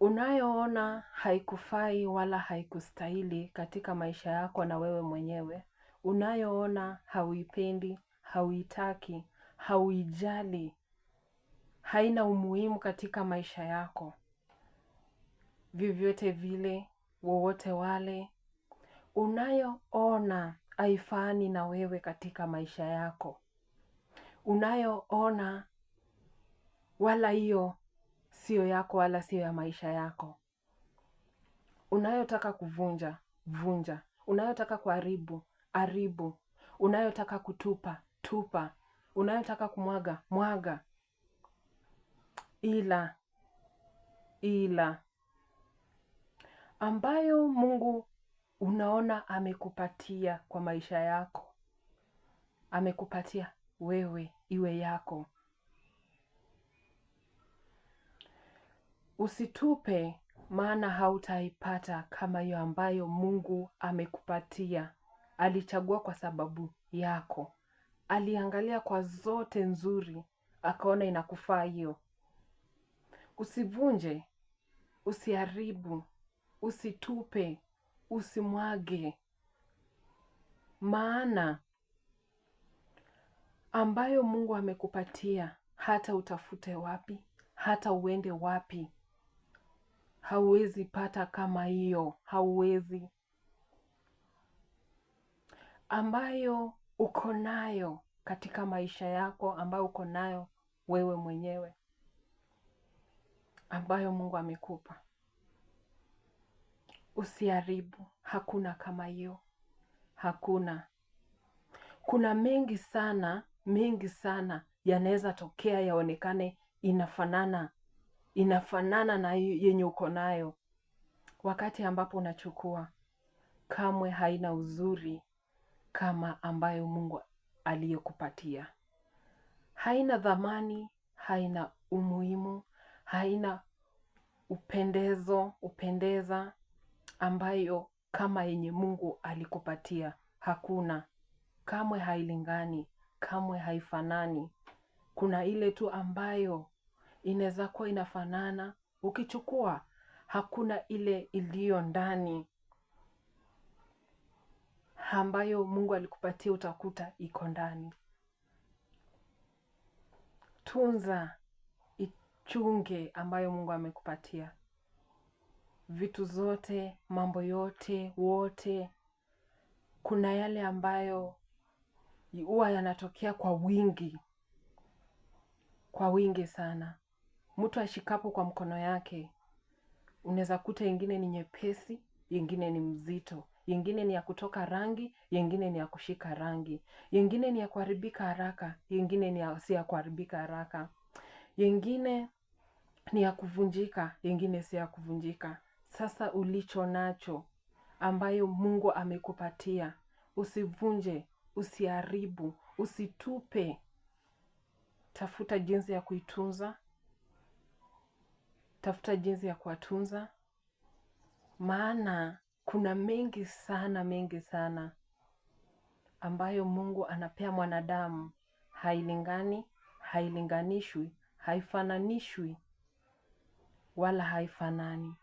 unayoona haikufai wala haikustahili katika maisha yako na wewe mwenyewe, unayoona hauipendi, hauitaki, hauijali, haina umuhimu katika maisha yako, vyovyote vile, wowote wale, unayoona haifaani na wewe katika maisha yako, unayoona wala hiyo sio yako wala siyo ya maisha yako. Unayotaka kuvunja vunja, unayotaka kuharibu haribu, unayotaka kutupa tupa, unayotaka kumwaga mwaga, ila ila ambayo Mungu unaona amekupatia kwa maisha yako, amekupatia wewe iwe yako, Usitupe maana hautaipata kama hiyo ambayo Mungu amekupatia. Alichagua kwa sababu yako. Aliangalia kwa zote nzuri, akaona inakufaa hiyo. Usivunje, usiharibu, usitupe, usimwage. Maana ambayo Mungu amekupatia hata utafute wapi, hata uende wapi, hauwezi pata kama hiyo, hauwezi ambayo uko nayo katika maisha yako, ambayo uko nayo wewe mwenyewe, ambayo Mungu amekupa. Usiharibu, hakuna kama hiyo, hakuna. Kuna mengi sana, mengi sana yanaweza tokea yaonekane inafanana inafanana na yenye uko nayo, wakati ambapo unachukua, kamwe haina uzuri kama ambayo Mungu aliyokupatia. Haina dhamani, haina umuhimu, haina upendezo, upendeza ambayo kama yenye Mungu alikupatia. Hakuna, kamwe hailingani, kamwe haifanani. Kuna ile tu ambayo inaweza kuwa inafanana. Ukichukua hakuna ile iliyo ndani ambayo Mungu alikupatia utakuta iko ndani. Tunza, ichunge ambayo Mungu amekupatia. Vitu zote, mambo yote, wote kuna yale ambayo huwa yanatokea kwa wingi, kwa wingi sana mtu ashikapo kwa mkono yake, unaweza kuta ingine ni nyepesi, ingine ni mzito, ingine ni ya kutoka rangi, ingine ni ya kushika rangi, ingine ni ya kuharibika haraka, ingine ni si ya kuharibika haraka, ingine ni ya kuvunjika, ingine si ya kuvunjika. Sasa ulicho nacho ambayo Mungu amekupatia usivunje, usiharibu, usitupe. Tafuta jinsi ya kuitunza tafuta jinsi ya kuwatunza, maana kuna mengi sana mengi sana ambayo Mungu anapea mwanadamu, hailingani, hailinganishwi, haifananishwi wala haifanani.